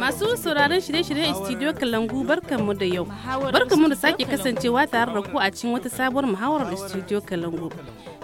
Masu sauraron shirye-shiryen studio Kalangu barkanmu da yau. Barkanmu da sake kasancewa tare da ku a cikin wata sabuwar muhawarar studio Kalangu.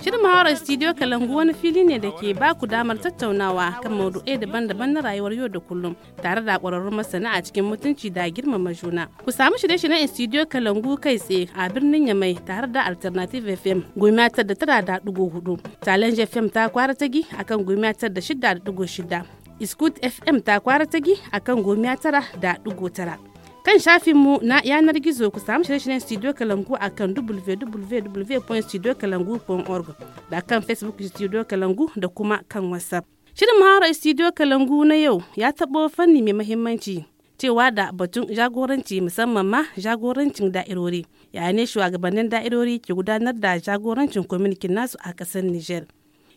Shirin muhawarar studio Kalangu wani fili ne da ke ba ku damar tattaunawa kan maudu'ai daban-daban na rayuwar yau da kullum tare da ƙwararrun masana a cikin mutunci da girmama juna. Ku samu shirye-shiryen studio Kalangu kai tsaye a birnin Yamai tare da Alternative FM goma da tara da dugu hudu. Challenge FM ta kwara gi akan goma da shida da dugu shida. iskut FM ta kwara tagi a kan gomiya tara da ɗigo tara. Kan shafinmu na yanar gizo ku samu shirye-shiryen Studio Kalangu a kan www.studiokalangu.org da kan Facebook Studio Kalangu da kuma kan WhatsApp. Shirin Mahara Studio Kalangu na yau ya taɓo fanni mai mahimmanci cewa da batun jagoranci musamman ma jagorancin da'irori. Yayin shugabannin da'irori ke gudanar da jagorancin kwamitin nasu a ƙasar Nijar.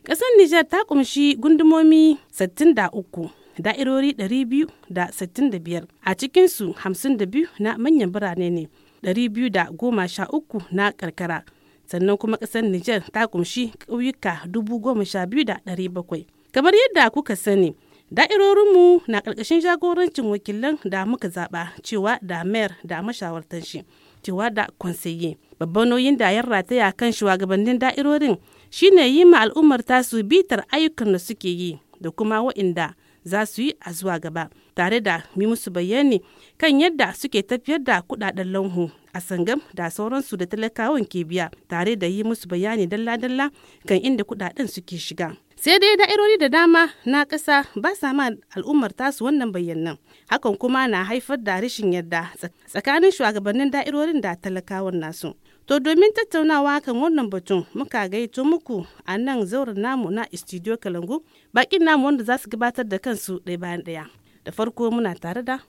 Ƙasar Nijar ta ƙumshi gundumomi 63. da'irori 265 a cikinsu 52 na manyan birane ne 213 na karkara sannan kuma ƙasar Nijar ta kumshi ƙauyuka 12,700 kamar yadda kuka sani da'irorinmu na ƙarƙashin jagorancin wakilan da muka zaɓa cewa da mayar da mashawartan shi cewa da konseye babban nauyin da ya rataya kan shugabannin da'irorin shine yi ma al'ummar tasu bitar ayyukan da suke yi da kuma wa'inda za su yi a zuwa gaba tare da mi musu bayani kan yadda suke tafiyar da kudaden lanhu a sangam da sauransu da talakawan ke biya tare da yi musu bayani dalla-dalla kan inda kudaden suke shiga sai dai da'irori da dama na ƙasa ba sa ma al'ummar tasu wannan bayanan hakan kuma na haifar da rashin yadda tsakanin shugabannin da'irorin da talakawan nasu To domin tattaunawa kan wannan batun muka gaito muku a nan zauren namu na studio Kalangu bakin namu wanda za su gabatar da kansu ɗaya bayan ɗaya. Da farko muna tare da?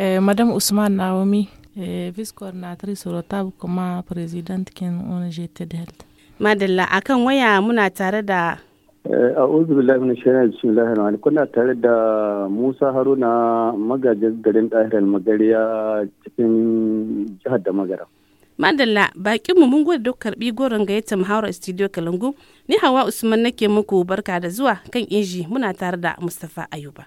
Eh, Madam Usman Naomi, eh, Vice Coordinatrice Rotab kuma President Kin ONG Ted Health. Madalla a kan waya muna tare da eh, a'udhu billahi minash shaitani bismillahir rahmanir kuna tare da Musa Haruna magajin garin Dahir Magariya cikin jihar da Magara. madalla bakin mu mun dokar duk karbi goron gayyata muhawar studio kalangu ni hawa usman nake muku barka da zuwa kan inji muna tare da mustafa ayuba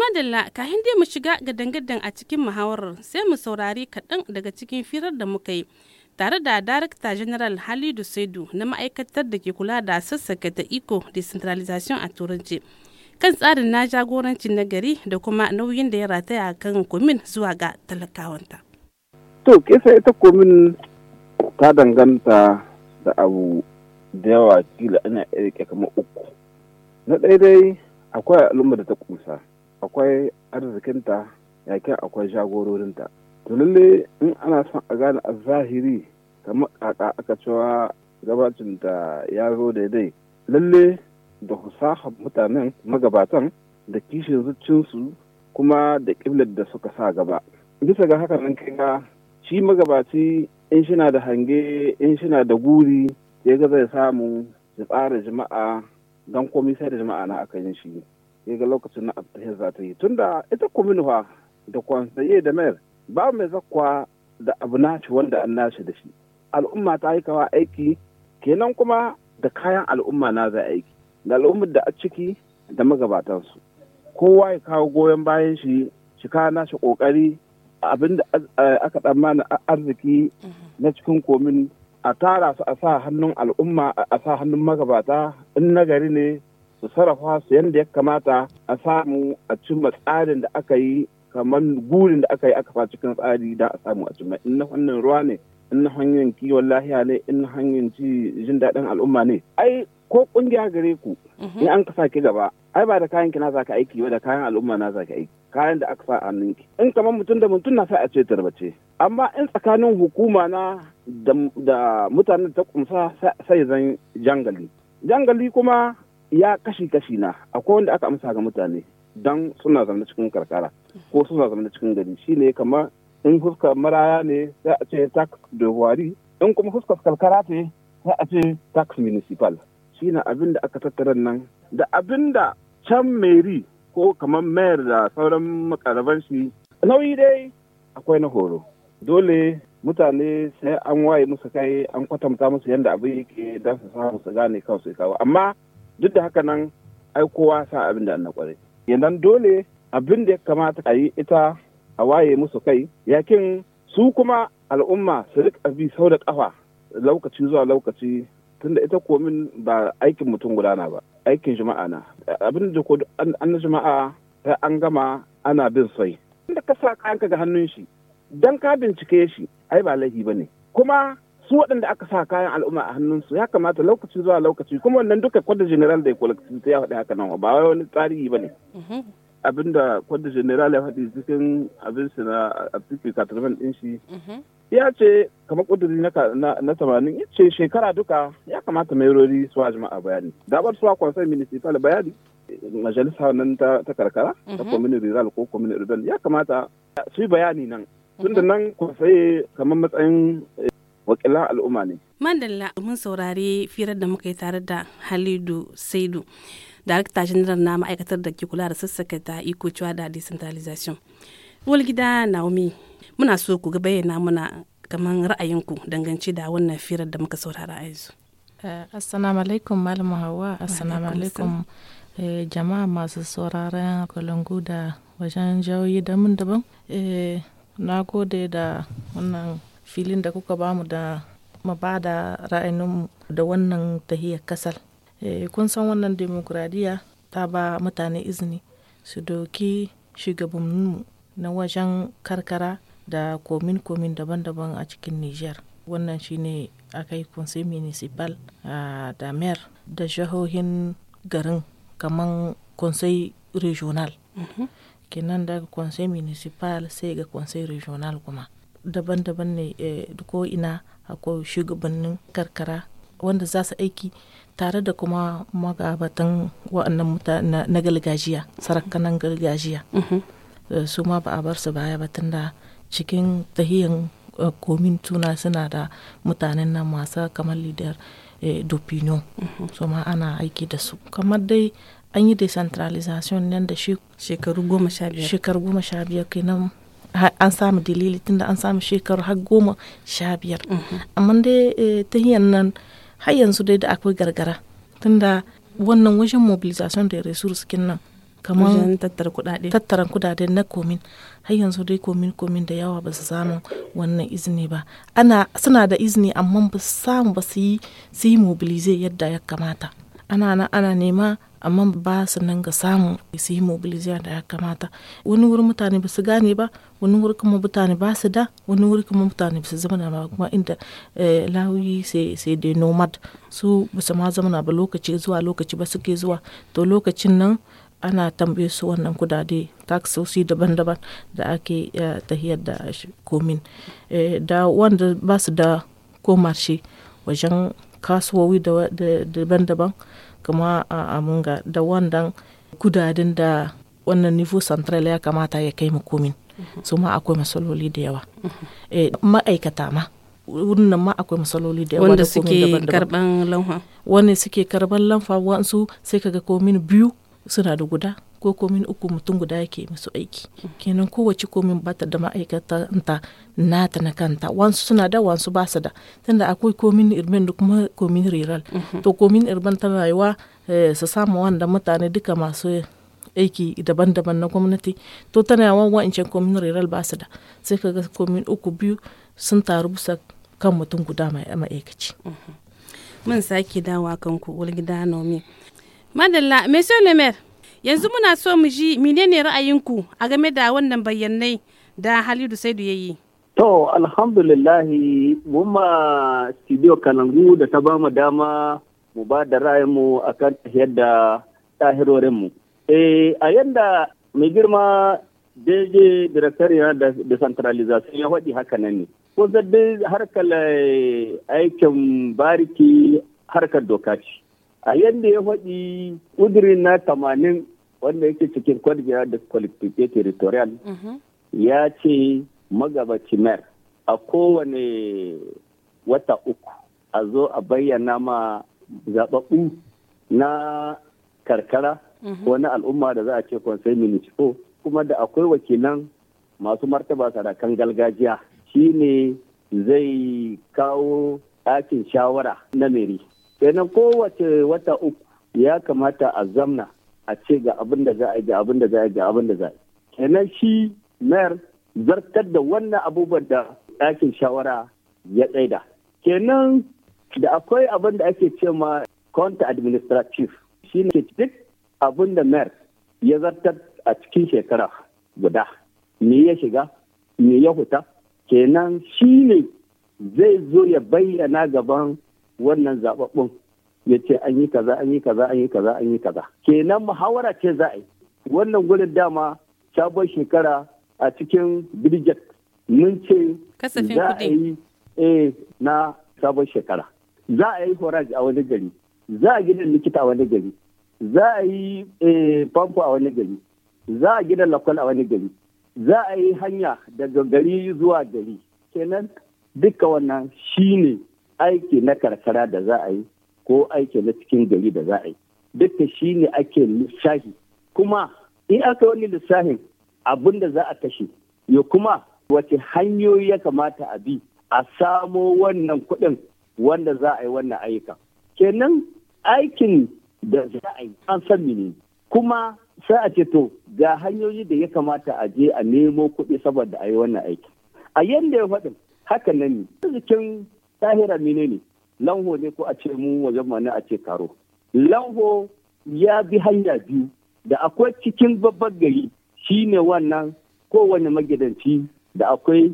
madalla ka dai mu shiga ga dangadan a cikin muhawarar sai mu saurari kaɗan daga cikin firar da muka yi tare da darakta general halidu saidu na ma'aikatar da ke kula da sassaka ta iko decentralization a turanci kan tsarin na jagorancin nagari da kuma nauyin da ya rataya kan komin zuwa ga talakawanta to kesa ita komin ta danganta da abu da yawa kila ana rike kama uku na daidai akwai al'umma da ta kusa akwai arzikinta yakin akwai jagororinta to lalle in ana son a gane a zahiri kamar kaka aka cewa gabacin da ya zo daidai lalle da saha mutanen magabatan da kishin zuccinsu kuma da ƙiblar da suka sa gaba bisa ga haka nan kinga shi magabaci in shina da hange in shina da guri ya ga zai samu ya tsara jama'a don komai sai da jama'a na aka yin shi ya ga lokacin na abu za ta yi tunda ita kuminuwa da kwansaye da mayar ba mai zakwa da abu nashi wanda an nashi da shi al'umma ta yi kawa aiki kenan kuma da kayan al'umma na za aiki da al'ummar da a ciki da magabatansu kowa ya kawo goyon bayan shi shi kawo nashi kokari abin da aka tsammana arziki mm-hmm. na cikin komin a tara su a sa hannun al'umma a sa hannun magabata in na gari ne su sarrafa su yadda ya kamata a samu a cimma tsarin da aka yi kamar gurin da aka yi aka fa cikin tsari da a samu a cimma in na ruwa ne in hanyar kiwon lahiya ne in na ci jin daɗin al'umma ne ai ko kungiya gare ku mhm. in an ka ki gaba ai ba da kayan ki na zaka aiki ba da kayan al'umma na zaka aiki kayan da aka sa a ninki in kamar mutum da mutum na sai a ce tarbace amma in tsakanin hukuma na da mutanen ta kumsa sai zan jangali jangali kuma ya kashi kashi na akwai wanda aka amsa ga mutane dan suna zaune cikin karkara ko suna zama cikin gari shine kamar in fuska maraya ne za a ce tax de wari in kuma fuskar karkara ce za a ce tax municipal shi shine abin da aka tattara nan da abin da can meri ko kamar mayar da sauran makaraban shi nauyi dai akwai na horo dole mutane sai an waye musu kai an kwatanta musu yadda abin yake don su samu su gane kansu kawo amma duk da haka nan ai kowa sa abin da na kware yanzu dole abin da ya kamata a yi ita a waye musu kai yakin su kuma al'umma su rika bi sau da ƙafa lokaci zuwa lokaci tunda ita komin ba aikin mutum gudana ba aikin jama'a na abin da ko an jama'a ta an gama ana bin sai inda ka sa kayanka ga hannun shi dan ka bincike shi ai ba laifi bane kuma su waɗanda aka sa kayan al'umma a hannun su ya kamata lokaci zuwa lokaci kuma wannan duka kwada general da ya kwalakci ya faɗi haka nan ba wani tarihi bane mhm. abinda kwadda general ya faɗi cikin su na article 41 ɗin shi mhm. ya ce kamar ƙuduri na tamanin ya ce shekara duka ya kamata rori su jima'a bayani dabar suwa kwansan municipal bayani majalisa nan ta karkara ta komini mhm. rural ko komini rural ya kamata su yi bayani nan mhm. tun da nan kwansaye kamar matsayin eh, wakilan al'umma ne. Mandalla mun saurari firar da muka yi tare da Halidu Saidu. darakta general na ma'aikatar da ke kula da sassaka ta iko cewa da decentralization gida naomi muna so ku ga bayyana muna kamar ra'ayinku dangance da wannan firar da muka saurara a yanzu eh, assalamu alaikum malam hawa assalamu alaikum eh, jama'a masu sauraron kulungu da wajen jawoyi mun daban eh, na gode da wannan filin da kuka bamu da mu ba da ra'ayinmu da wannan tahiyar kasar Eh, kun san wannan demokuradiyya. ta ba mutane izini su doki shugabanninmu na wajen karkara da komin-komin daban-daban a cikin niger wannan shine akai conseil municipal da mayor da jihohin garin kamar conseil regional mhm. kenan daga conseil municipal sai ga conseil regional kuma daban-daban ne eh, ko ina akwai shugabannin karkara wanda za su aiki tare da kuma magabatan wa'annan mutane na gargajiya sarakanan gargajiya mhm. eh, su ma ba a bar su baya ba tunda cikin tahiyan eh, komin tuna suna da mutanen nan masu kamar lidar eh, dupino mhm. su ma ana aiki da su kamar dai an yi decentralization nan da shekaru goma sha biyar shekaru goma sha biyar kenan an samu dalili tunda an samu shekaru har goma sha biyar mhm. amma dai tahiyan nan har yanzu dai da akwai gargara tunda wannan wajen mobilization da resource kin nan kamar tattara kudade tattara kudade na komin har yanzu dai komin komin da yawa ba su samu wannan izini ba ana suna da izini amma ba su samu ba su yi mobilize yadda ya kamata ana ana nema amma ba su nan ga samu su yi mobilization da ya kamata wani wurin mutane ba su gane ba wani wurin kuma mutane ba su da wani wurin kuma mutane ba su zama ba kuma inda eh, lauyi sai dai nomad su ba su ma zama ba lokaci zuwa lokaci ba suke zuwa to lokacin nan ana tambaye su wannan kudade taksosi daban-daban da ake tahiyar da komin eh, da wanda ba su da ko wajen kasuwowi daban-daban kama a amunga da wannan kudaden da wannan nivo central ya kamata ya kai mu komin mhm. su ma akwai masaloli da yawa mhm. eh, ma'aikata ma wurin ma akwai masaloli da yawa wanda suke karban lanfa wanda suke karban lanfa wasu sai kaga komin biyu suna da guda ko komin uku mutum guda yake musu aiki kenan kowace komin bata da ma'aikatanta nata na kanta wansu suna da wansu ba su da tunda akwai komin irben da kuma komin riral to komin irben tana rayuwa eh, su samu wanda mutane duka masu aiki daban-daban na gwamnati to tana yawan wancan komin riral ba su da sai ka ga komin uku biyu sun taru bisa kan mutum guda mai ma'aikaci. Mun sake dawa kan ku gida nomi. Madalla, yanzu muna so mu ji menene ra'ayinku a game da wannan bayyanai da halidu saidu ya yi to alhamdulillahi ma studio kanangu da ta ba bamu dama mu ba da ra'ayinmu a kan yadda tahirorinmu eh a yadda mai girma daidai direktar yana da decentralization ya faɗi haka nan ne ko dai harkar aikin bariki harkar doka ce a yadda ya faɗi ƙudurin na tamanin wanda yake cikin kwadgiya da kwalifikai territorial mhm. ya ce magabaci mer a kowane wata uku a zo a bayyana ma zaɓaɓɓu na karkara mhm. ko na al'umma da za a ce conseil municipal kuma da akwai wakilan masu martaba sarakan galgajiya shine zai kawo ɗakin shawara na meri kenan kowace wata uku ya kamata a zamna a ce ga abin da za a yi ga abin da za a yi ga abin da za a yi kenan shi mayar zartar da wannan abubuwan da ɗakin shawara ya tsaida kenan da akwai abin da ake ce ma counter administrative shi ne duk abin da mayar ya zartar a cikin shekara guda me ya shiga me ya huta kenan shi ne zai zo ya bayyana gaban wannan zababbun ya ce an yi kaza an yi kaza an yi kaza an yi kaza kenan muhawara ce za a yi wannan gurin dama sabon shekara a cikin birget mun ce za a yi eh, na sabon shekara za a yi horaj a wani gari za a gidan likita a wani gari za a yi eh, famfo a wani gari za a gidan lakwal a wani gari za a yi hanya daga gari zuwa gari kenan duka wannan shine aiki na karkara da za a yi ko aiki na cikin gari da za a yi duka shi ne ake lissafi kuma in aka wani lissafin abin da za a kashe ya kuma wace hanyoyi ya kamata a bi a samo wannan kuɗin wanda za a yi wannan ayyuka kenan aikin da za a yi an san ne kuma sai a ce to ga hanyoyi da ya kamata a je a nemo kuɗi saboda a yi wannan aiki a yadda ya faɗin haka nan ne tahira menene lanho ne ko a ce mu wajen mana a ce karo lanho ya bi hanya biyu da akwai cikin babban gari shine wannan kowane magidanci da akwai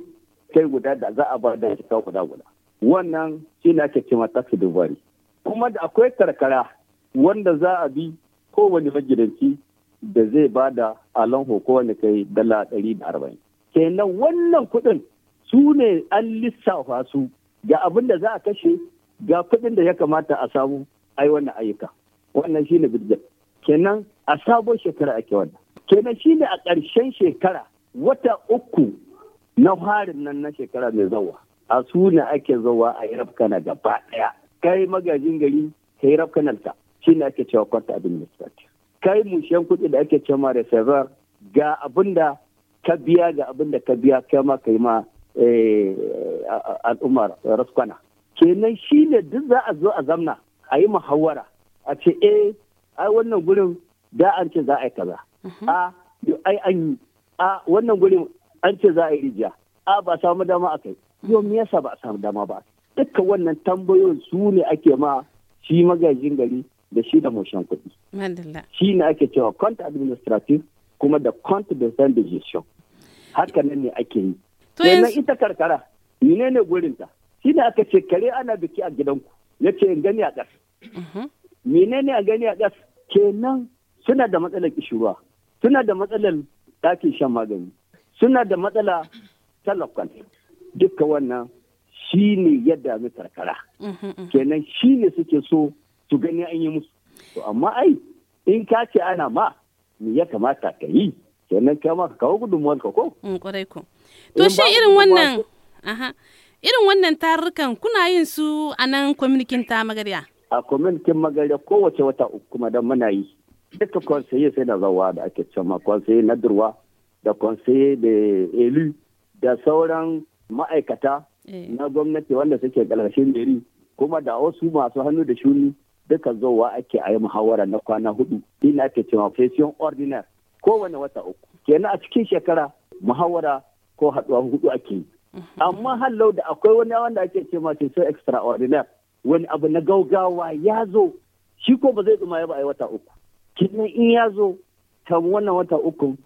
kai guda da za a ba da shika guda guda wannan shi na ake cewa taxi dubari kuma da akwai karkara wanda za a bi kowane magidanci da zai ba da lanho ko wani kai dala ɗari da arba'in kenan wannan kuɗin su ne an lissafa su ga abin da za a kashe ga kudin da ya kamata a samu ai wannan ayyuka wannan shine budget kenan a sabon shekara ake wannan kenan shine a ƙarshen shekara wata uku na harin nan na shekara mai zawa a suna ake zawa a yi kana gaba ɗaya kai magajin gari ka yi shi shine ake cewa kwanta administrative kai mushen kuɗi da ake cewa reservoir ga abin da ka biya ga abin da ka biya kai ma kai ma eh, al'ummar raskwana kenan shi ne duk za a zo a zamna a yi muhawara a ce eh ai wannan gurin da an ce za a yi kaza mhm. a ai an yi a wannan gurin an ce za a yi rijiya a ba samu dama a kai yau me yasa ba a samu dama ba dukkan wannan tambayoyin su ne ake ma shi magajin gari da shi da moshen kuɗi shi ne ake cewa kont administrative kuma da kont da gestion haka nan ne ake yi to ita karkara ne gurinta shi ne aka ce kare ana biki a gidanku ya ce in gani a ƙas mm-hmm. ne a gani a ƙas kenan suna da matsalar kishirwa suna da matsalar ɗakin shan magani suna da matsala talakon duka wannan shi ne ya dami karkara mm-hmm, mm-hmm. kenan shi ne suke so su gani an yi musu to amma ai in ka ce ana ma me ya kamata ka yi kenan ka ma ka kawo gudunmuwar ka ko mm, ko to shi irin wannan Aha. Irin wannan tarurrukan kuna yin su a nan ta magarya? A kwaminikin magarya kowace wata uku kuma da muna yi. Duka kwansaye sai na zawa da ake cewa kwansaye na durwa da kwansaye da elu da sauran ma'aikata eh. na gwamnati wanda suke galashin meri kuma da wasu masu hannu da shuni duka zowa ake a yi muhawara na kwana hudu ina ake cewa fesiyon ordinar kowane wata uku kenan a cikin shekara muhawara ko haɗuwa hudu ake yi amma hallau da akwai wani wanda ake ce ma ce so extraordinaire wani abu na gaugawa ya zo shi ko ba zai tsuma ba a yi wata uku kinan in ya zo kan wannan wata uku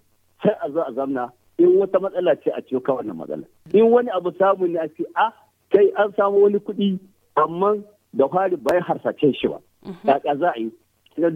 sai a zo a zamna in wata matsala ce a ce ka wannan matsala in wani abu samu ne a ce a ah, kai an samu wani kuɗi amma da fari bai harsace shi ba kaka mhm. za a yi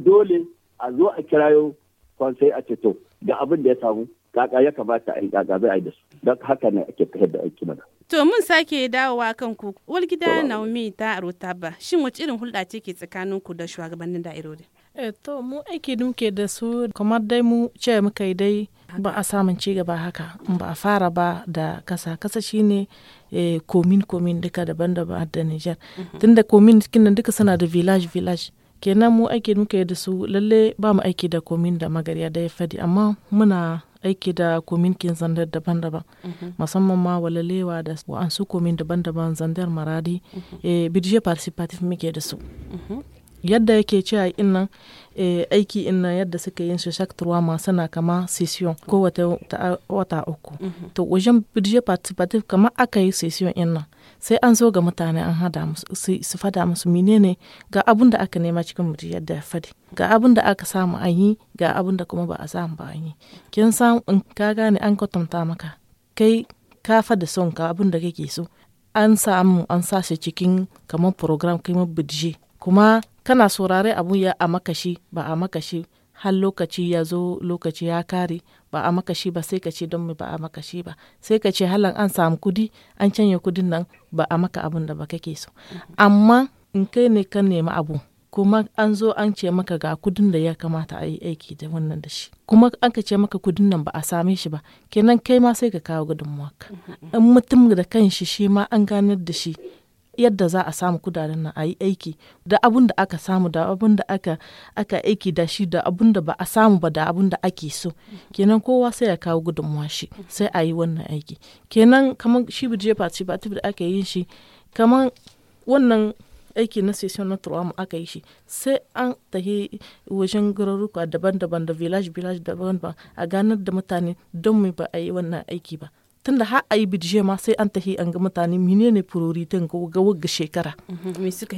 dole a zo a kirayo kwansai a a ceto ga abin da ya samu kaka ya kamata a yi kaka zai a da su don haka ne ake tafiyar da aiki mana. To mun sake dawowa kan ku Walgida Naomi ta arotaba shin wace irin hulɗa ce ke tsakanin ku da shugabannin da'irori? Eh to mu aiki da muke da su kamar dai mu ce muka dai ba a samun ci gaba haka ba a fara ba da kasa kasa shine eh, komin komin duka daban-daban da Niger mhm. tunda komin kinan duka suna da village village kenan mu aiki muke da su lalle ba mu aiki da komin da magariya da ya fadi amma muna aiki da ke zandar daban-daban mhm. musamman ma walalewa da wa'ansu komin daban-daban zandar maradi mhm. eh, bidiyo participative muke da su mhm. yadda yake a innan eh, aiki ina yadda suka yin su shaktarwa masu na kama session ko wata uku to wajen birje participative kama aka yi session innan sai an zo ga mutane an hada musu su fada musu menene ga abun da aka nema cikin mutum da fadi ga abun da aka samu an yi ga abun da kuma ba a samu ba an yi kin san in ka gane an kwatanta maka kai ka fada son ka abun da kake so an samu an shi cikin kamar program kai budget kuma kana saurare abun ya a makashi ba a makashi har lokaci ya zo lokaci ya kare ba a maka shi ba sai ka ce don ba a maka shi ba sai ka ce halan an samu kudi an canya kudin nan ba a maka abun da ba kake so amma in kai ne ka nemi abu kuma an zo an ce maka ga kudin da ya kamata a yi aiki da wannan da shi kuma an ka ce maka kudin nan ba a same shi ba kenan kai ma sai ka kawo gudunmuwa mm-hmm. in mutum da kanshi shi ma an ganar da shi yadda za a samu kudaden nan a yi aiki da abun da aka samu da abun da aka aiki da shi da abun da ba a samu ba da abun da ake so kenan kowa sai ya kawo gudunmuwa shi sai a yi wannan aiki kenan kamar shi buje face ba da aka yi shi kamar wannan aiki na session na turawa aka yi shi sai an tafi wajen garuruka daban-daban da village village daban-daban a ganar da mutane don mu ba a yi wannan aiki ba tun da har a yi bidje ma sai an tahi an ga mutane mine ne furoritin ga wagga shekara. Mhm, me suka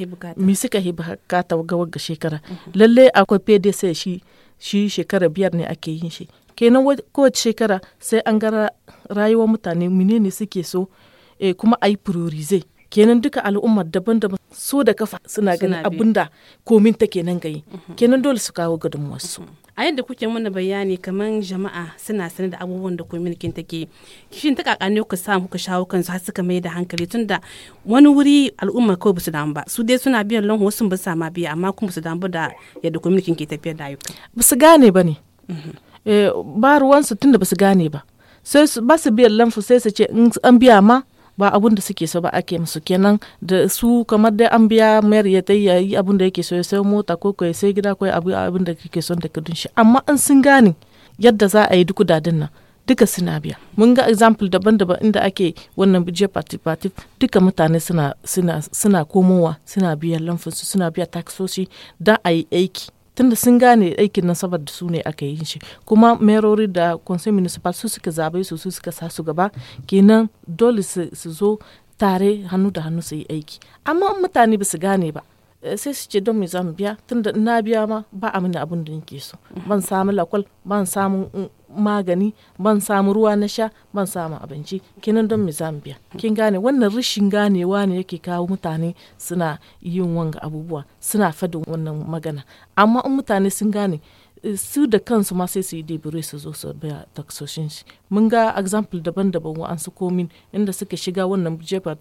yi bukata? ga wagga shekara. Lalle akwai sai shi shi shekara biyar ne ake yin shi. Kenan kowace shekara sai an ga rayuwar mutane mine ne suke so eh, kuma a yi kenan duka al'ummar daban-daban so da kafa suna ganin abinda komin ta kenan gayi kenan dole su kawo wasu. a yadda kuke mana bayani kamar jama'a suna sanar da abubuwan da ta take shin ta kaka ne ku samu kuka shawo kansu har suka mai da hankali tunda wani wuri al'umma kawai basu damu ba su dai suna biyan lanho sun su ma biya amma kuma basu damu da yadda komin kin ke tafiyar da ayyuka basu gane ba ne mhm. eh, ba ruwansu ba su gane ba sai ba su biyan lanfu sai su ce an biya ma ba abun da suke so ba ake musu kenan da su kamar dai an biya mayar ya tayi yi abun da yake so ya sayo mota ko ko ya sayo gida ko abu abun da kake son da kudin shi amma an sun gane yadda za a yi duk kudaden nan duka suna biya mun ga example daban-daban inda ake wannan bijiyar participative duka mutane suna suna suna komowa suna biyan lamfinsu suna biya taksoshi da a aiki tunda sun gane aikin nasabar da su ne aka yi shi kuma merori da conseil municipal su suka zabe su su suka sa su gaba kenan dole su zo tare hannu da hannu su yi aiki amma mutane ba su gane ba eh, sai su ce don me zamu biya tunda na biya ma ba a mini abin da nake so ban samu lakwal ban samu mm, magani ban samu ruwa na sha ban samu abinci kinan don mi zambia biya kin gane wannan rashin ganewa ne yake kawo mutane suna yin wanga abubuwa suna fadin wannan magana amma in mutane sun gane eh, su da kansu ma sai su yi debure su zo su biya taksoshin shi mun ga example daban-daban wa'ansu komin inda suka shiga wannan jefa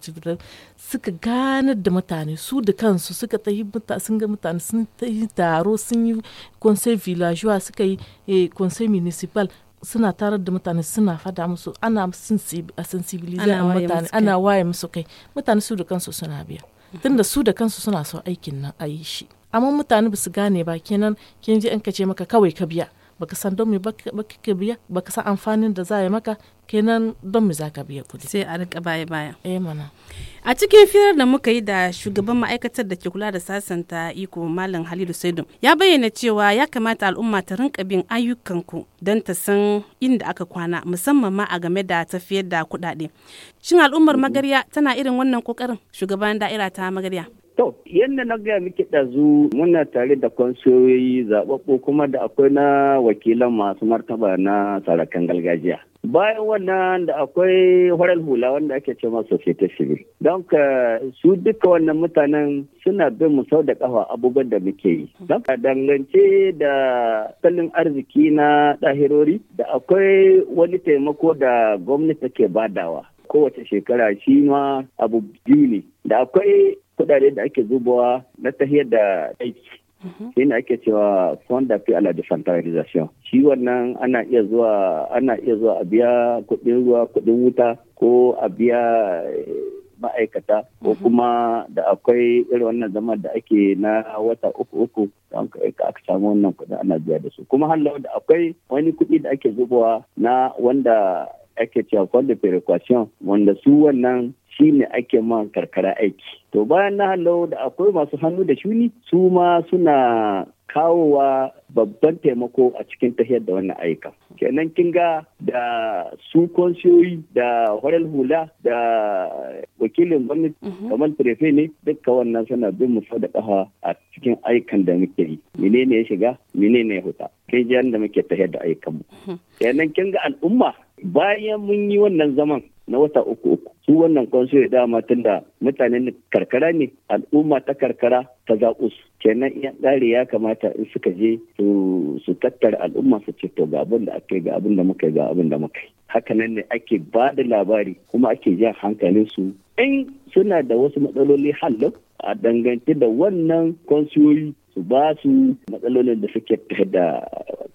suka ganar da mutane su da kansu suka ta sun mutane sun yi taro sun yi conseil villageois suka yi eh, conseil municipal suna tarar da mutane suna fada musu ana a mutane ana waye musu kai mutane su da kansu suna biya tunda su da kansu suna son aikin nan a yi shi amma mutane ba su gane ba kenan kin ji an ka ce maka kawai ka biya baka san don me biya baka san amfanin da za a yi maka kenan don me za ka biya kuɗi sai a rika baya baya eh mana a cikin firar da muka yi da shugaban ma'aikatar da ke kula da sasanta iko malam halilu saidu ya bayyana cewa ya kamata al'umma ta rinka bin ayyukanku don ta san inda aka kwana musamman ma a game da tafiyar da kuɗaɗe shin al'ummar magarya tana irin wannan kokarin shugaban da'ira ta magarya To, yadda na gaya miki ɗazu muna tare da kwansoyoyi zaɓaɓɓu kuma da akwai na wakilan masu martaba na sarakan gargajiya. Bayan wannan da akwai horar hula wanda ake ce masu society civil. Don ka su duka wannan mutanen suna bin mu sau da ƙafa abubuwan da muke yi. Don ka dangance da kallon arziki na ɗahirori da akwai wani taimako da gwamnati ke badawa. Kowace shekara shi ma abu biyu ne. Da akwai kudade da ake zubawa na tahiyar da aiki mhm. shi ne ake cewa fund da à la shi wannan ana iya zuwa ana iya zuwa a biya kudin ruwa kudin wuta ko a biya eh, ma'aikata ko mhm. kuma da akwai irin wannan zama da ake na wata uku uku don aka samu wannan kuɗi ana biya da su kuma hallau da akwai wani kuɗi da ake zubawa na wanda ake cewa fund de wanda su wannan shi ne ake man karkara aiki to bayan na halau da akwai masu hannu da shuni su ma suna kawowa babban taimako a cikin tafiyar da wannan aika kenan kin ga da su konsiyoyi da horar hula da wakilin gwamnati mhm. kamar prefe ne dukka wannan suna bin mu da kafa a cikin aikan da muke yi menene ya shiga menene ya huta kai jiyan da muke tafiyar da aikan mu mhm. kenan kin ga al'umma bayan mun yi wannan zaman na wata uku uku su wannan kwanso dama tun da mutanen karkara ne al'umma ta karkara ta zaɓo su kenan iya tsari ya kamata in suka je su tattara al'umma su ce to ga abin da aka yi ga abin da muka yi ga abin da muka yi hakanan ne ake ba da labari kuma ake jan hankalin su in suna da wasu matsaloli halin a dangance da wannan kwansiyoyi su ba su matsalolin da suke da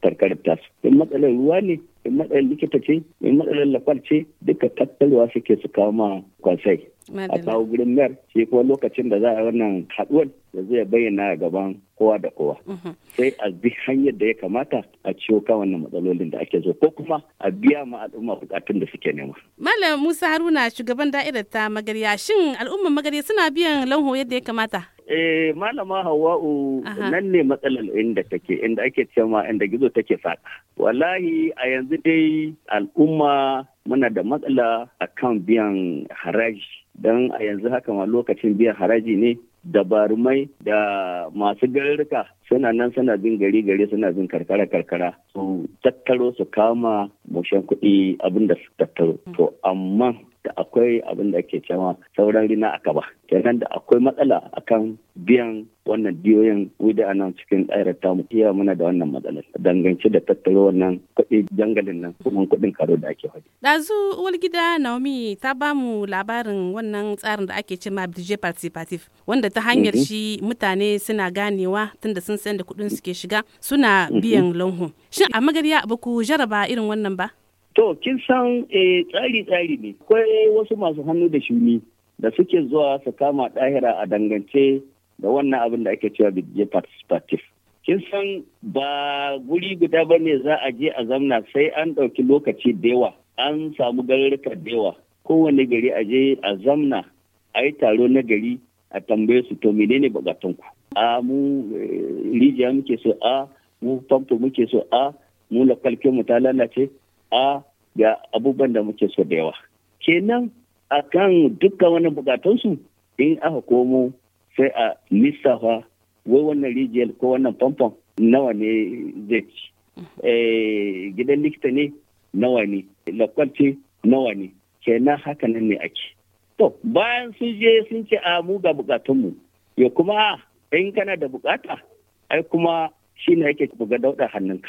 karkarar tasu in matsalar ruwa ne in matsayin likita ce in matsayin lafar ce duka tattalwa suke su kawo ma kwansai a kawo gurin mayar shi kuma lokacin da za a wannan haduwar da zai bayyana a gaban kowa da kowa mhm. sai a bi hanyar da ya kamata a ciwo kan wannan matsalolin da ake zo ko kuma a biya ma al'umma bukatun da suke nema malam musa haruna shugaban da'irar ta magarya shin al'ummar magarya suna biyan lanho yadda ya kamata Eh malama Hawa'u nan ne matsalar inda take inda ake cewa inda gizo take fada. Wallahi a yanzu dai al'umma muna da matsala akan biyan haraji don a yanzu haka ma lokacin biyan haraji ne dabarumai da masu garurruka suna nan suna bin gari gari suna bin karkara karkara su tattaro su kama mushen kuɗi abinda da su tattaro mm. to amma da akwai abin da ke cewa sauran rina a kaba kenan da akwai matsala akan biyan wannan diyoyin wida nan cikin ɗairar tamu iya muna da wannan matsalar dangance da tattaro wannan kuɗi jangalin nan kuma kuɗin karo da ake faɗi. ɗazu walgida naomi ta ba mu labarin wannan tsarin da ake cema budget participative wanda ta hanyar mhm. shi mutane suna ganewa tunda sun san da kuɗin suke shiga suna biyan mhm. lanhu shin a magarya ba ku jaraba irin wannan ba. To, kin san tsari-tsari eh, ne, akwai wasu masu hannu da shuni da suke zuwa su kama ɗahira a dangance da wannan abin da ake cewa bidje participative. Kin san ba guri guda ba ne za a je a zamna sai an ɗauki lokaci da yawa, an samu garurrukan da yawa. Kowane gari a je a zamna a yi taro na gari a tambaye su to menene bukatunku. A mu eh, rijiya muke so a mu famfo muke so a mu lakalkin mu ta lalace a ga abubuwan da muke so da yawa kenan a kan dukkan wani bukatunsu in aka komo sai a lissafa wai wannan rijiyar ko wannan famfon nawa ne zai ci eh, gidan likita ne nawa ne lakwalce nawa ne kenan haka nan ne ake to bayan sun je sun ce a mu ga bukatunmu ya kuma in kana da bukata ai kuma shi ne ake buga daudar hannunka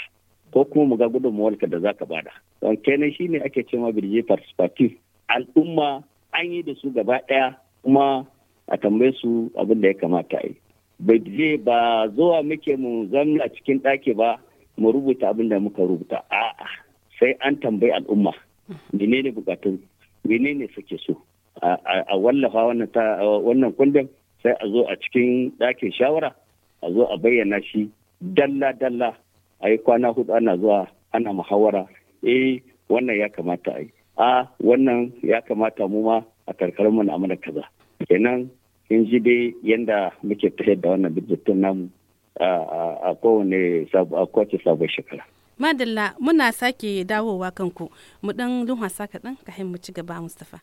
ko kuma mu ga gudunmawarka da za ka bada. Don kenan shi ne ake cewa birje participative al'umma an yi da su gaba ɗaya kuma a tambaye su abin da ya kamata yi. Birje ba zuwa muke mu a cikin ɗaki ba mu rubuta abin da muka rubuta a'a sai an tambayi al'umma menene bukatun menene suke so a wallafa wannan kundin sai a zo a cikin ɗakin shawara a zo a bayyana shi dalla-dalla a yi kwana hudu ana zuwa ana muhawara eh wannan ya kamata a yi a wannan ya kamata mu ma a karkarmu na amana kaza kenan in ji dai yanda muke tafiyar da wannan tun namu a kowane kowace sabon shekara madalla muna sake dawowa kanku mu dan lunhasa kaɗan ka mu ci gaba mustapha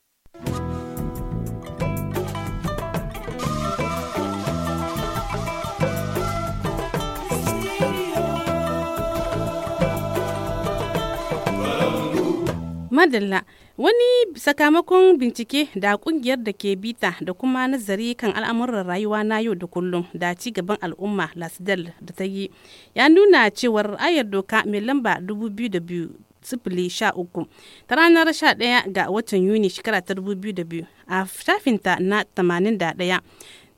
madalla wani sakamakon bincike da kungiyar da ke bita da kuma nazari kan al'amuran rayuwa na yau da kullum da ci gaban al'umma lasdal da ta yi ya nuna cewar ayar doka mai lamba 2013 ta ranar 11 ga watan yuni shekara ta 2002 a shafinta na 81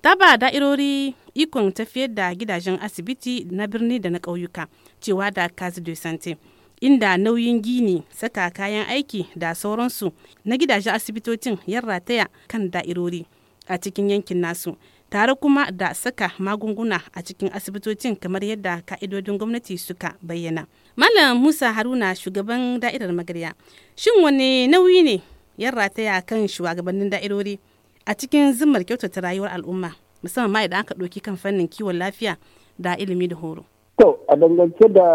ta ba da'irori ikon tafiyar da gidajen asibiti na birni da na ƙauyuka cewa da kazi sante inda nauyin gini saka kayan aiki da sauransu na gidajen asibitocin yan rataya kan da'irori a cikin yankin nasu tare kuma da saka magunguna a cikin asibitocin kamar yadda ka'idodin gwamnati suka bayyana malam musa haruna shugaban da'irar magarya shin wani nauyi ne yan rataya kan shugabannin da'irori a cikin zimmar kyautata rayuwar al'umma musamman ma idan aka ɗauki kan fannin kiwon lafiya da ilimi da horo To, a dangance da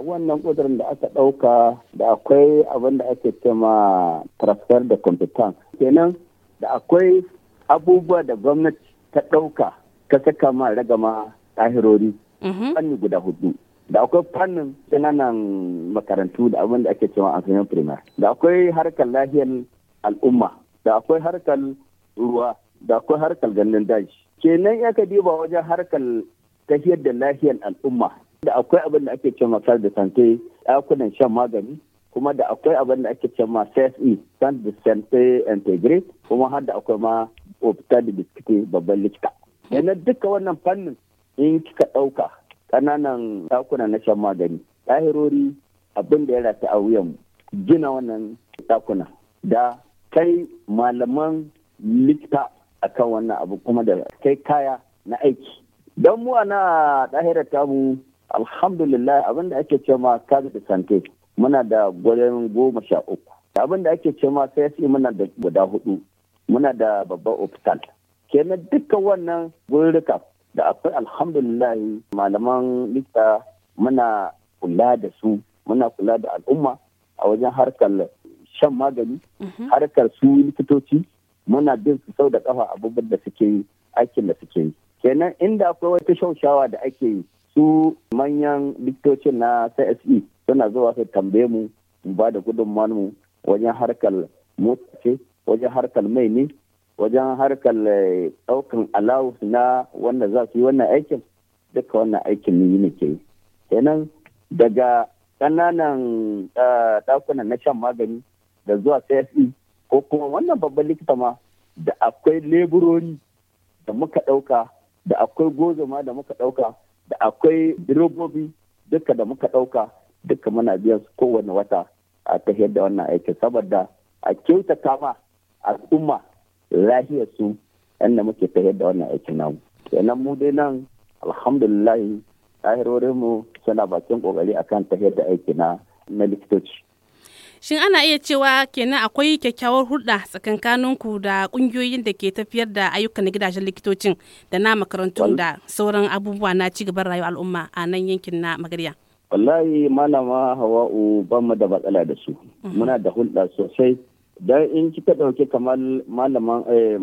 wannan ƙudurin da aka ɗauka da akwai abin da ake cema transfer da competence. Kenan da akwai abubuwa da gwamnati ta ɗauka ta saka ma ragama tahirori mhm. fannin guda hudu. Da akwai fannin ƙananan makarantu da abin da ake cewa enseignement primaire. Da akwai harkar lahiyar al'umma. Da akwai harkar ruwa. Da akwai harkar gandun daji. Kenan ya ka diba wajen harkar tafiyar da lahiyar al'umma da akwai abin da ake cewa sar da sante ɗakunan shan magani kuma da akwai abin da ake cewa CSE san da sante integrate kuma har da akwai ma hospital da biskiti babban likita yana duka wannan fannin in kika ɗauka ƙananan ɗakunan na shan magani ɗahirori abin da ya rata a wuyan. gina wannan ɗakuna da kai malaman likita akan wannan abu kuma da kai kaya na aiki don mu ana ɗahirar tamu alhamdulillah abin da ake ce ma da sante muna da gwajen goma sha uku abin da ake ce ma sai e muna da guda hudu muna da babban hospital kenan dukkan wannan gururruka da akwai alhamdulillah malaman likita muna kula da su muna kula da al'umma a wajen harkar shan magani mhm. harkar su likitoci muna bin su sau da kafa abubuwan da suke yi aikin da suke yi kenan inda akwai wata shaushawa da ake yi su manyan likitocin na CSE suna zuwa su tambaye mu mu ba da gudunmawar mu wajen harkar motsa wajen harkar mai ne wajen harkar daukan eh, alawus na wanda za su yi wannan aikin duka wannan aikin ne ne ke kenan daga ƙananan eh, ɗakunan na shan magani da zuwa CSE ko kuma wannan babban likita ma da akwai leburori da muka ɗauka da akwai gozoma da muka ɗauka da akwai robobi duka da muka ɗauka duka muna biyan su kowane wata a ta da wannan aikin saboda a kyautata ma al'umma lahiyar su yadda muke ta da wannan aikin namu kenan mu dai nan alhamdulillah tahirorin mu suna bakin kokari akan ta da aiki na na likitoci Shin ana iya cewa kenan akwai kyakkyawar hulɗa tsakankaninku da ƙungiyoyin da ke tafiyar da ayyukan gidajen likitocin da na makarantun da sauran abubuwa na ci gaban rayuwar al'umma a nan yankin na Magarya? Wallahi malama Hawa'u ba mu da matsala da su. Mm-hmm. Muna da hulɗa sosai. Dan in kika ɗauki kamar malaman eh,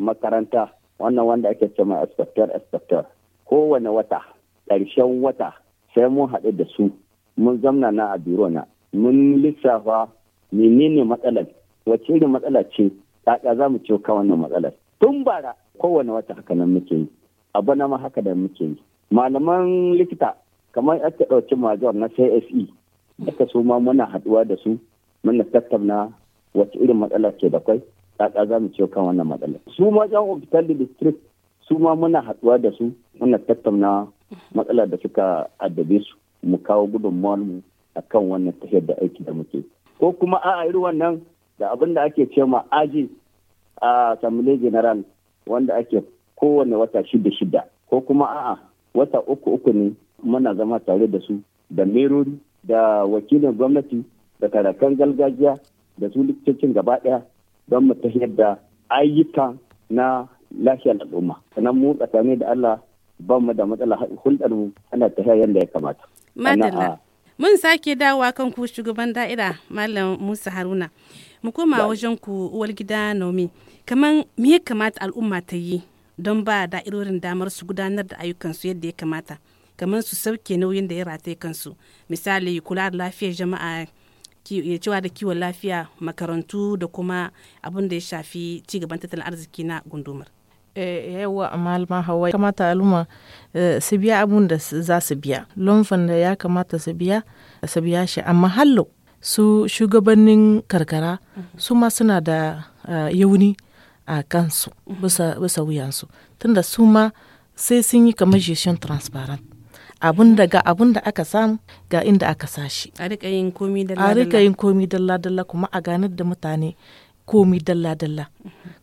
makaranta wannan wanda ake cewa inspector inspector kowane wata ƙarshen wata sai mun haɗu da su mun zamna na a biro na mun lissafa menene matsalar wacce irin matsala ce kaka za mu ciwo wannan matsalar tun bara kowane wata haka nan muke yi a bana ma haka da muke yi malaman likita kamar aka ɗauki major na CSE aka su ma muna haɗuwa da su muna tattauna wacce irin matsala ke da kwai kaka za mu ciwo wannan matsalar su ma jan hospital district su ma muna haɗuwa da su muna tattauna matsalar da suka addabe su mu kawo gudunmawar mu a kan wannan tafiyar da aiki da muke ko kuma a iri wannan da abin da ake ce ma aji a samule general wanda ake kowane wata shida shida ko kuma a'a wata uku uku ne muna zama tare da su da merori da wakilin gwamnati da karakan gargajiya da su likitocin gaba daya don mu tafiyar da ayyuka na lafiyar al'umma sannan mu tsakani da Allah ban mu da matsala hulɗar mu ana tafiya yadda ya kamata. Madalla. mun sake dawowa kan ku shugaban da'ira malam musa haruna mu koma wajen ku uwar gida naomi kamar me ya kamata al'umma ta yi don ba da'irorin damar su gudanar da ayyukansu yadda ya kamata kamar su sauke nauyin da ya rataye kansu misali kula da lafiyar jama'a ya cewa da kiwon lafiya makarantu da kuma abin da ya shafi cigaban tattalin arziki na gundumar Eh, yawa a malama hawa kamata al'umma eh, su biya abun da za su biya lomfan da ya kamata su biya su biya shi amma hallo su shugabannin karkara mhm. su ma suna da eh, yauni a kansu mhm. bisa wuyansu tunda su ma sai sun yi kamar gestion transparent abun da ga abun da aka samu ga inda aka sashi a rika yin komi dalla-dalla kuma a ganar da mutane komi dalla-dalla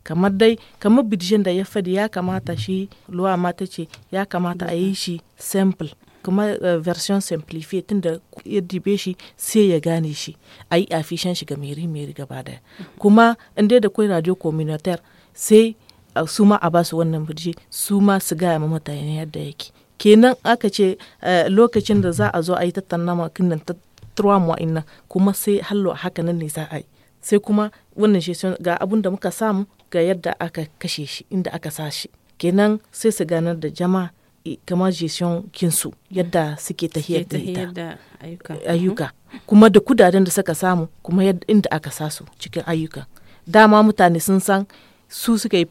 kamar dai kamar bidijin da ya fadi ya kamata shi luwa mata ce ya kamata a yi shi simple kuma eh, version simplifié tun da ya dibe shi sai ya gane shi a yi afishan shi ga meri meri gaba daya kuma inda da kwai radio communautaire sai eh, su ma a basu wannan birji su ma su gaya ma mutane yadda yake kenan aka ce eh, lokacin da za a zo a yi tattaunawa makinan tattarwa mu'in kuma sai hallo haka nan ne za a yi sai kuma wannan gestion ga abun da muka samu ga yadda aka kashe shi inda aka sa shi kenan sai su ganar da jama'a kamar gestion kinsu yadda suke tahiyar da ayyuka kuma da kudaden da suka samu kuma inda aka sa su cikin ayyuka dama mutane sun san su suka yi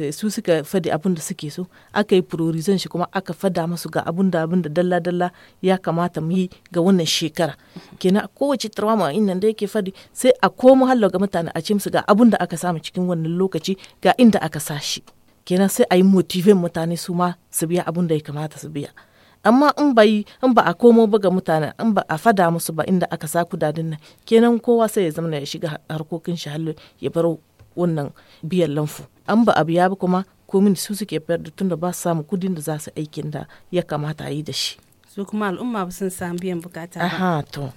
eh, su suka fadi abin da suke so aka yi priorizan shi kuma aka fada masu ga abin da abin da dalla dalla ya kamata mu yi ga wannan shekara kenan kowace tarwama in nan da yake fadi sai a komo hallo ga mutane a ce musu ga abin da aka samu cikin wannan lokaci ga inda aka sa shi kenan sai a yi motive mutane su ma su biya abin da ya kamata su biya amma in ba yi in ba a komo ba ga mutane in ba a fada musu ba inda aka sa kudaden nan kenan kowa sai ya zama ya shiga harkokin shi hallo ya baro wannan biyan lamfu an ba abu ya bi kuma komin su suke fayar da tunda ba su samu kudin da za su aikin da ya kamata a yi da shi su kuma al'umma ba sun samu biyan bukata ba to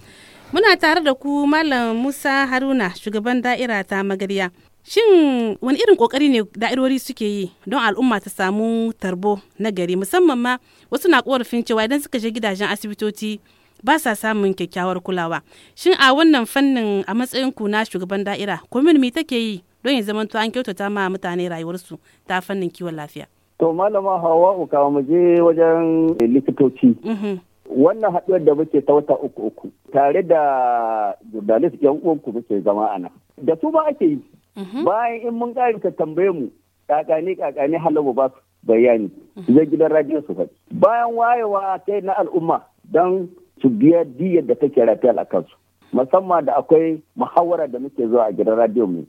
muna tare da ku malam musa haruna shugaban da'ira ta magarya shin wani irin kokari ne da'irori suke yi don al'umma ta samu tarbo na gari musamman ma wasu na korafin cewa idan suka je gidajen asibitoci ba sa samun kyakkyawar kulawa shin a wannan fannin a matsayin ku na shugaban da'ira komin me take yi don ya zamanto an kyautata ma mutane rayuwarsu ta fannin kiwon lafiya. To malama hawa uka mu je wajen likitoci. Mhm. Wannan haɗuwar da muke ta wata uku uku tare da jurnalist yan uwanku muke zama a nan. Da su ba ake yi. Mhm. Bayan in mun ƙari ka tambaye mu kakani kakani halabu ba su bayani. Zai gidan radiyo su faɗi. Bayan wayewa kai na al'umma don su biya diyar da take rafiyar a kansu. Musamman da akwai muhawara da muke zuwa a gidan radiyo mu.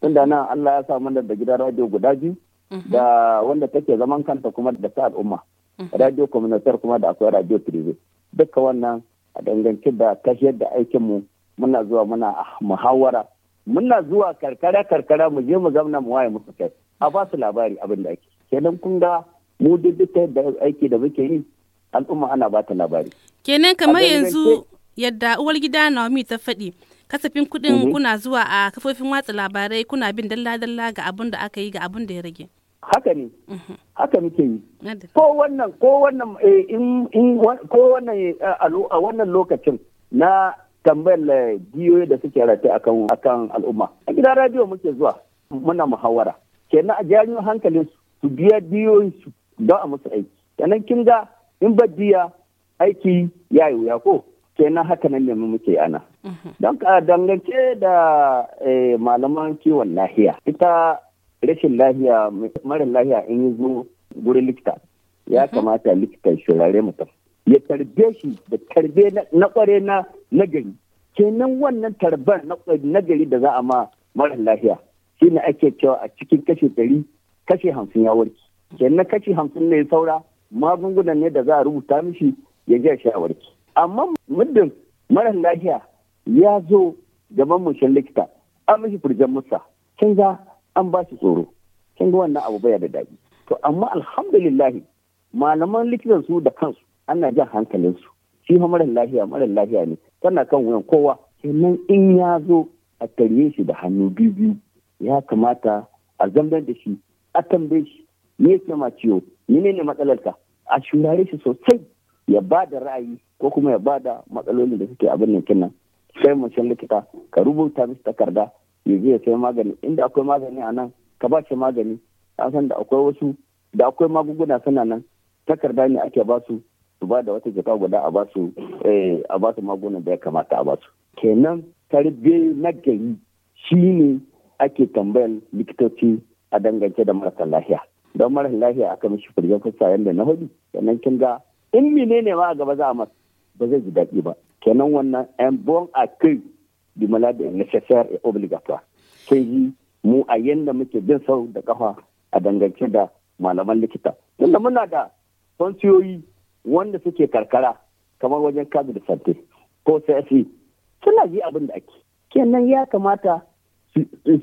tunda nan Allah ya samu da gidan radio guda biyu mhm. da wanda take zaman kanta kuma da ta al'umma mhm. radio communautaire kuma da akwai radio privé duka wannan a dangance da kashiyar da aikinmu muna zuwa muna muhawara muna zuwa karkara karkara mu je mu gamna mu waye musu kai a ba su labari abin da ake kenan kun ga mu duk da aiki da muke yi al'umma ana ba ta labari kenan kamar yanzu yadda uwar gida Naomi ta faɗi kasafin kuɗin mhm. kuna zuwa a kafofin watsa labarai kuna bin dalla-dalla ga abin da aka yi ga abin da ya rage. Haka ne, mhm. haka muke yi. Ko wannan, ko wannan, eh, in, ko wannan eh, a wannan lokacin na tambayar biyoyi eh, da suke rate akan akan al'umma. A gidan radio muke zuwa muna muhawara. Kenan a janyo hankalin su biya biyoyin su don a musu aiki. Kenan kinga in ba biya aiki ya yi wuya ko kenan haka nan ne muke ana. Don ka dangance da eh, malaman kiwon lahiya, ita rashin lahiya, mara lahiya in yi zo gurin likita, ya mhm. kamata likitan shirare mutum. Ya tarbe shi da tarbe na kware na nagari. Kenan wannan tarban na nagari da za a ma mara lahiya, shi ne ake cewa a cikin kashe ɗari, kashe hamsin ya warke. Kenan kashe hamsin ne saura, magungunan ne da za a rubuta mishi ya je warki Amma muddin mara lahiya ya zo da mamushin likita an mishi firjan musa Sun za an ba shi tsoro Sun ga wannan abu baya da daɗi to amma alhamdulillah malaman likitan su da kansu ana jan hankalin su shi fa mara lafiya marar lafiya ne tana kan wuyan kowa kenan in ya zo a tarye shi da hannu biyu biyu ya kamata a zambar da shi a tambaye shi me yake ma ciwo ne matsalarka a shurare shi sosai ya ba da ra'ayi ko kuma ya ba da matsalolin da suke abin nan sai mace likita ka rubuta bisa takarda ya je ya sai magani inda akwai magani a nan ka ba shi magani a san da akwai wasu da akwai magunguna suna nan takarda ne ake ba su su ba da wata jaka guda a ba su eh, a da ya kamata a ba su kenan tarbe na gari shine ake tambayar likitoci a dangance da marasa lafiya don marasa lafiya aka mishi furgen fasa yadda na hudu sannan kin ga in menene ma a gaba za a masa ba zai ji daɗi ba kenan wannan un bon accueil du malade est nécessaire et obligatoire sai yi mu a yanda muke bin sau da kafa a dangance da malaman likita tunda muna da fansiyoyi wanda suke karkara kamar wajen kaji da sante ko sai e, suna yi abin da ake kenan ya kamata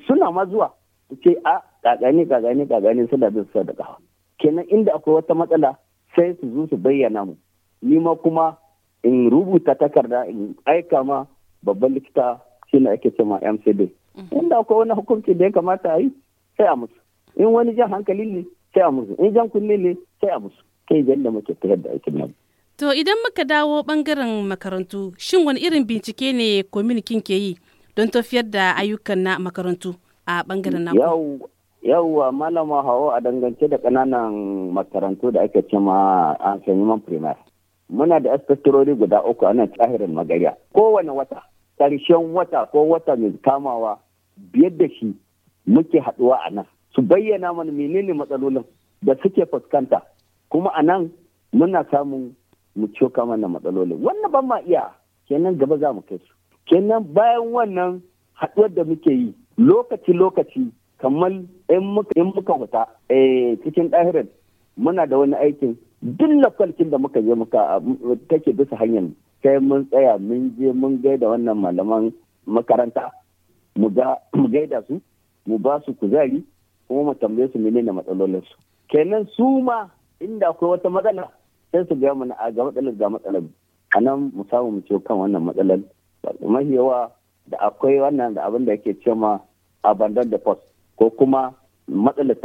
suna ma zuwa su ce a kagane kagane kagane suna bin sau da kafa kenan inda akwai wata matsala sai su zo su bayyana mu ni ma kuma in rubuta takarda in aika ma babban likita shi na ake cema mcd mhm. inda akwai wani hukunci da ya kamata a yi sai a musu in wani jan hankali ne sai a musu in jan kunne ne sai a musu kai da muke tafiyar da aikin nan to idan muka dawo bangaren makarantu shin wani irin bincike ne kominikin ke yi don tafiyar da ayyukan na makarantu a bangaren naku yawwa malama hawa a dangance da kananan makarantu da ake cema man primaire muna da aspectorori guda uku a nan tsahirin magariya kowane wata ƙarshen wata ko wata mai kamawa biyar da shi muke haɗuwa a nan su bayyana mana menene matsalolin da suke fuskanta kuma a nan muna samun mu coka mana matsalolin wannan ban ma iya kenan gaba za mu kai su kenan bayan wannan haɗuwar da muke yi lokaci lokaci kamar in muka huta eh, cikin ɗahirin muna da wani aikin duk lafalkin da muka je muka take bisa hanyar sai mun tsaya mun je mun gaida wannan malaman makaranta mu gaida su mu ba su kuzari kuma mu tambaye su menene matsalolinsu kenan su ma inda akwai wata matsala sai su gaya mana a ga matsalar ga matsalar a nan mu samu mu kan wannan matsalar mafi yawa da akwai wannan da abin da yake ce ma abandon the post ko kuma matsalar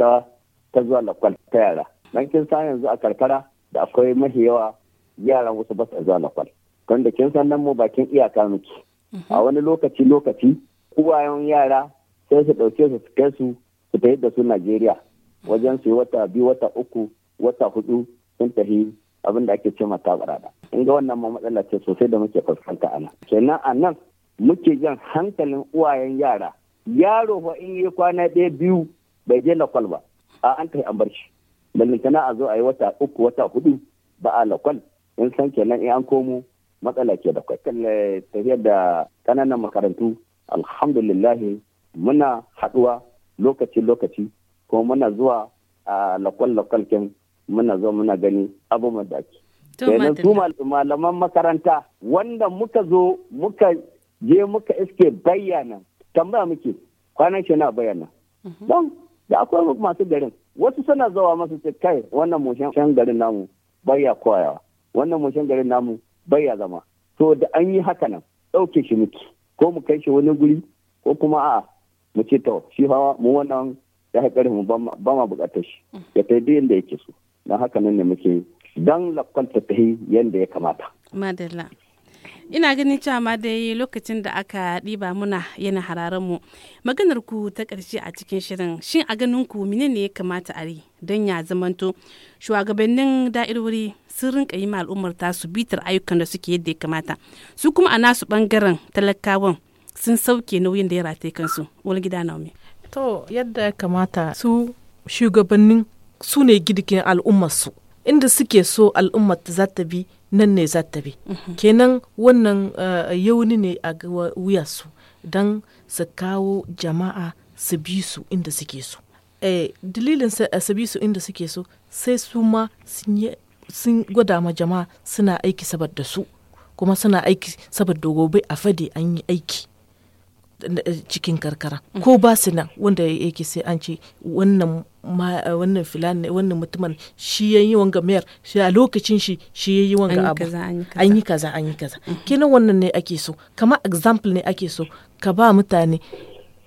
ta zuwa lakwal ta yara dan kin san yanzu a karkara da akwai mahi yawa yaran wasu ba su zuwa lakwal don da kin san nan mu bakin iyaka muke a wani lokaci lokaci kuwayen yara sai su ɗauke su kai su su tafi da su Najeriya wajen su wata biyu wata uku wata hudu sun tafi abin da ake ce mata barada in ga wannan ma matsala ce sosai da muke fuskanta a kenan a nan muke jan hankalin uwayen yara yaro fa in yi kwana ɗaya biyu bai je lakwal ba a an tafi an bar ballantana a zo a yi wata uku wata hudu ba a lakwal in san kenan in an komo matsala ke da kwai eh, tafiyar da kananan makarantu alhamdulillah muna haduwa lokaci lokaci kuma muna zuwa a lakwal lakwal kin muna zo muna gani abubuwan da ake kenan su malaman makaranta wanda muka zo muka je muka iske bayyana tambaya muke kwanan shi na bayyana mhm. don da akwai masu garin wasu suna zawa masu ce kai wannan shan garin namu baya koyawa wannan mushen garin namu baya zama to da an yi haka nan ɗauke shi miki ko mu kai shi wani guri ko kuma a mu ce to shi hawa mu wannan ya da mu ba ma buƙatar shi ya ta yi yadda yake so na haka nan ne muke dan lakwanta ta yi yadda ya kamata. Madalla. ina ganin cewa ma dai lokacin da aka ɗiba muna yana hararen mu maganar ku ta ƙarshe a cikin shirin shin a ganin ku menene ya kamata a yi don ya zamanto shugabannin da'irori sun rinka yi al'ummar ta su bitar ayyukan da suke yadda ya kamata su kuma a nasu ɓangaren talakawan sun sauke nauyin da ya rataye kansu wani gida naomi to yadda ya kamata su shugabannin su ne gidikin al'ummarsu inda suke so al'ummar za ta bi nan ne za ta bi mhm. kenan wannan eh, yauni ne a su don su kawo jama'a su bi su inda suke so eh, dalilin eh, su bi su inda suke so sai su ma sun gwada ma jama'a suna aiki saboda su kuma suna aiki saboda gobe a fade an yi aiki Eh, cikin karkara ko ba su nan wanda yake sai an ce wannan eh, wannan filani wannan mutumin shi ya yi wanga mayar shi a lokacin shi shi ya yi wanga abu an yi kaza an yi kaza mm-hmm. kenan wannan ne ake so kama example ne ake so ka ba mutane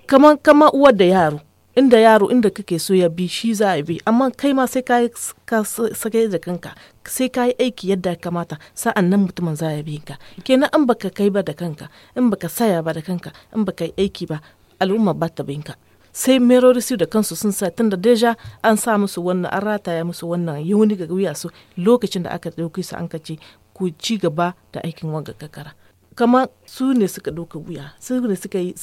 kama kama uwar da yaro inda yaro inda kake so ya bi shi za a bi amma kai ma sai ka sake da kanka sai ka yi aiki yadda ya kamata sa'an nan mutumin za a bi ka kenan in baka kai ba da kanka in baka saya ba da kanka in baka yi aiki ba al'umma ba ta bin ka sai su da kansu sun sa tun da deja an sa musu wannan an rataya musu wannan wani ga wuya su lokacin da aka ɗauki su an kace ku ci gaba da aikin wanga kakara kama su ne suka ɗauka wuya su ne suka yi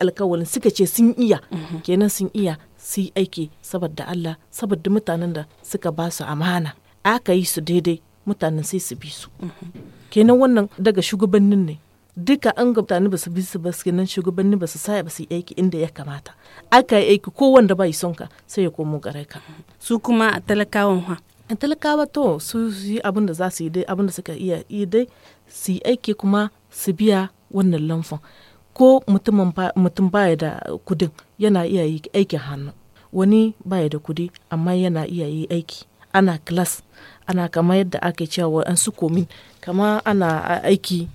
alkawalin suka ce sun iya mhm. kenan sun iya su yi aiki saboda Allah saboda mutanen da suka ba su amana aka yi su daidai mutanen sai su bi su mhm. kenan wannan daga shugabannin ne duka an ga mutane ba su bi su ba kenan shugabannin ba su saya ba su yi aiki inda ya kamata aka yi aiki ko wanda ba yi son ka sai ya komo gare ka su kuma talakawan ha talakawa to su yi abin da za su yi dai abin da suka iya yi dai su yi aiki kuma su biya wannan lamfan ko mutum baya da kudin yana iya yi aikin hannu wani baya da kudi amma yana iya yi aiki ana klas ana kama yadda ake cewa an su komin kama ana aiki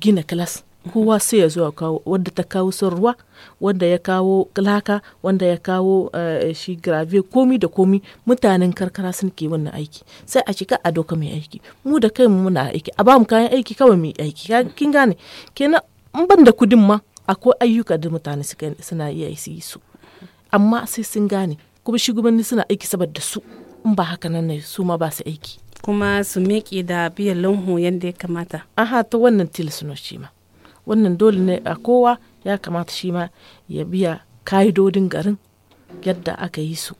gina class kowa sai ya zuwa kawo wanda ta kawo son ruwa wanda ya kawo laka wanda ya kawo eh, shi grave komi da komi mutanen karkara sun ke wannan aiki sai a shiga a doka mai aiki mu da kai muna aiki a bamu kayan aiki kawai mai aiki kin gane kenan in ban da kudin ma akwai ayyuka da mutane suna iya yi su amma sai sun gane kuma shugabanni suna aiki saboda su in ba haka nan ne su ma ba su aiki kuma su miƙe da biyan lanho yadda ya kamata aha ta wannan tilasino shi ma wannan dole ne a kowa ya kamata shi ma ya biya ka'idodin garin yadda aka yi su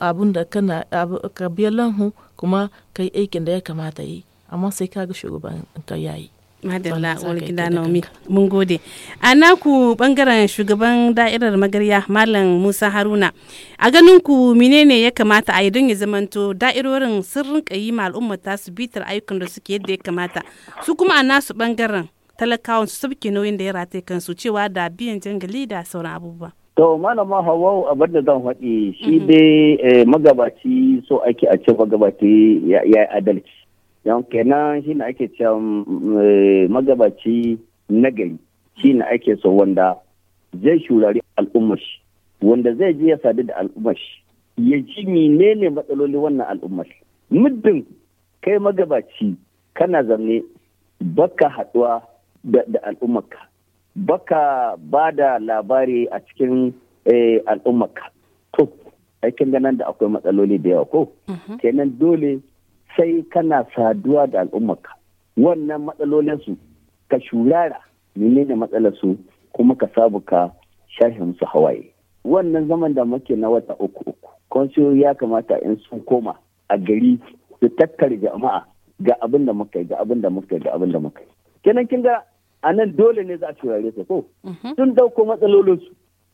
abin da ka biya lanhu kuma kai aikin da ya kamata yi amma sai ka ga shugaban ka yayi madalla gida naomi mun gode a naku bangaren shugaban da'irar magarya malam musa haruna a ganin ku menene ya kamata a yi don ya zamanto da'irorin sun rinka yi ma al'ummata su bitar ayyukan da suke yadda ya kamata su kuma a nasu bangaren talakawan su sauke nauyin da ya rataye kansu cewa da biyan jangali da sauran abubuwa. To malama hawa abin da zan faɗi shi mhm. dai eh, magabaci so ake a ce magabaci ya yi adalci. Yan kenan shi na ake ce mm, eh, magabaci nagari shi na ake so wanda zai shurari al'ummar shi wanda zai je ya sadu da al'ummar shi ya ji menene matsaloli wannan al'ummar. Muddin kai magabaci kana zaune baka haɗuwa da al'ummarka baka ba da labari a cikin eh, al'ummarka to aikin ganin da akwai matsaloli da yawa ko mhm. kenan dole sai kana saduwa da al'ummarka wannan matsalolinsu ka shurara menene matsalarsu kuma ka sabu ka sharhin su hawaye wannan zaman da muke na wata uku uku kwanciyo ya kamata in sun koma a gari su takkar jama'a ga abin da muka yi ga abin da muka yi ga abin da muka yi kenan kin ga a nan dole ne za a turare su ko mhm. sun dauko matsalolinsu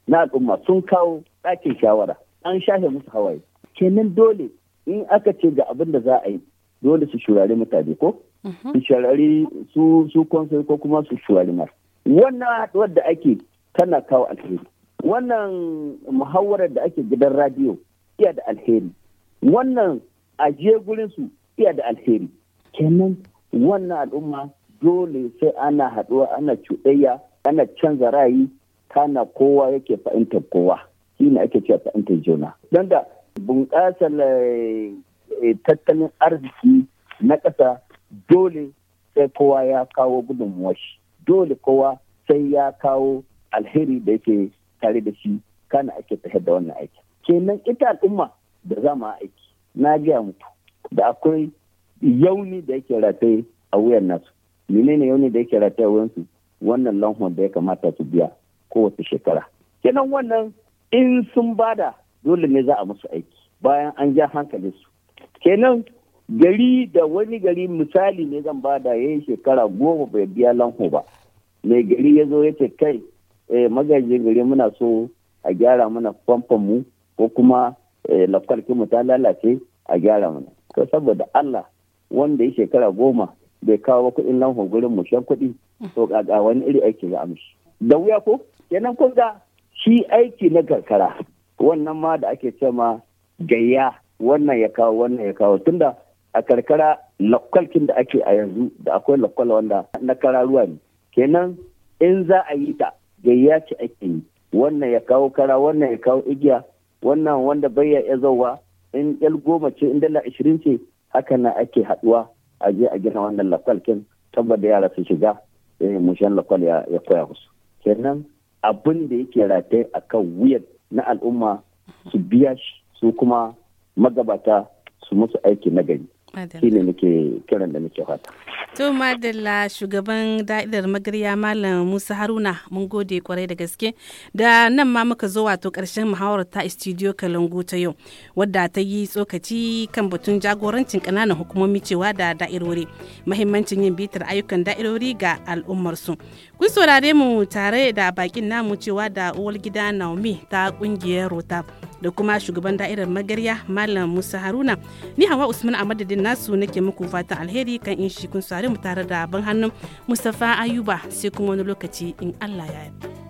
na al'umma sun kawo ɗakin shawara an shafe musu hawaye kenan dole in aka ce ga abin da za a yi dole su shurare mutane ko mhm. su shurare su su ko kuma su shurare mar wannan haɗuwar da ake tana kawo alheri wannan muhawarar da ake gidan radiyo iya da alheri wannan ajiye gurin su iya da alheri kenan wannan al'umma dole sai ana haɗuwa ana cuɗayya ana canza ra'ayi kana kowa yake fahimtar kowa shi ne ake cewa fahimtar juna don da bunƙasar eh, tattalin arziki na ƙasa dole sai kowa ya kawo gudunmawar shi dole kowa sai ya kawo alheri da yake tare da shi kana ake tafiyar da wannan aiki kenan ita al'umma da zama aiki na gaya mutu da akwai yauni da yake rataye a wuyan nasu menene ne da yake rataya wurinsu wannan lanhon da ya kamata su biya kowace shekara kenan wannan in sun bada dole ne za a musu aiki bayan an ja su. kenan gari da wani gari misali ne zan bada ya yi shekara goma bai biya lanho ba mai gari ya zo ya ce kai eh, magajin gari muna so a gyara mana famfon mu ko kuma eh, lafkarki mu ta lalace a gyara mana to saboda Allah wanda ya shekara goma bai kawo kuɗin nan hungurin mu shan kuɗi to kaga wani iri aiki ga amshi da wuya ko kenan kun ga shi aiki na karkara wannan ma da ake ma. gayya wannan ya kawo wannan ya kawo tunda a karkara lakwalkin da ake a yanzu da akwai lakwal wanda na kararuwa ne kenan in za a yi ta gayya ce ake yi wannan ya kawo kara wannan ya kawo igiya wannan wanda bai ya zauwa in yal goma ce in dala ashirin ce haka na ake haduwa a je a gina wannan lakwal kin da yara su shiga eh, mushen lakwal ya koya musu kenan abin da yake rataye akan kan wuyar na al'umma su biya shi su kuma magabata su musu aiki na gari shine muke kiran da muke fata. To Madalla shugaban da'idar magarya Malam Musa Haruna mun gode kwarai da gaske da nan ma muka zo wato karshen muhawar ta studio Kalangu ta yau wadda ta yi tsokaci kan batun jagorancin kananan hukumomi cewa da da'irori mahimmancin yin bitar ayyukan da'irori ga al'ummar su. Kun saurare mu tare da bakin namu cewa da uwar gida Naomi ta kungiyar Rotap. da kuma shugaban da'irar magarya malam musa haruna ni hawa usman a madadin nasu nake muku fatan alheri kan in shi kun sare mu tare da ban hannun mustafa ayuba sai kuma wani lokaci in allah ya yi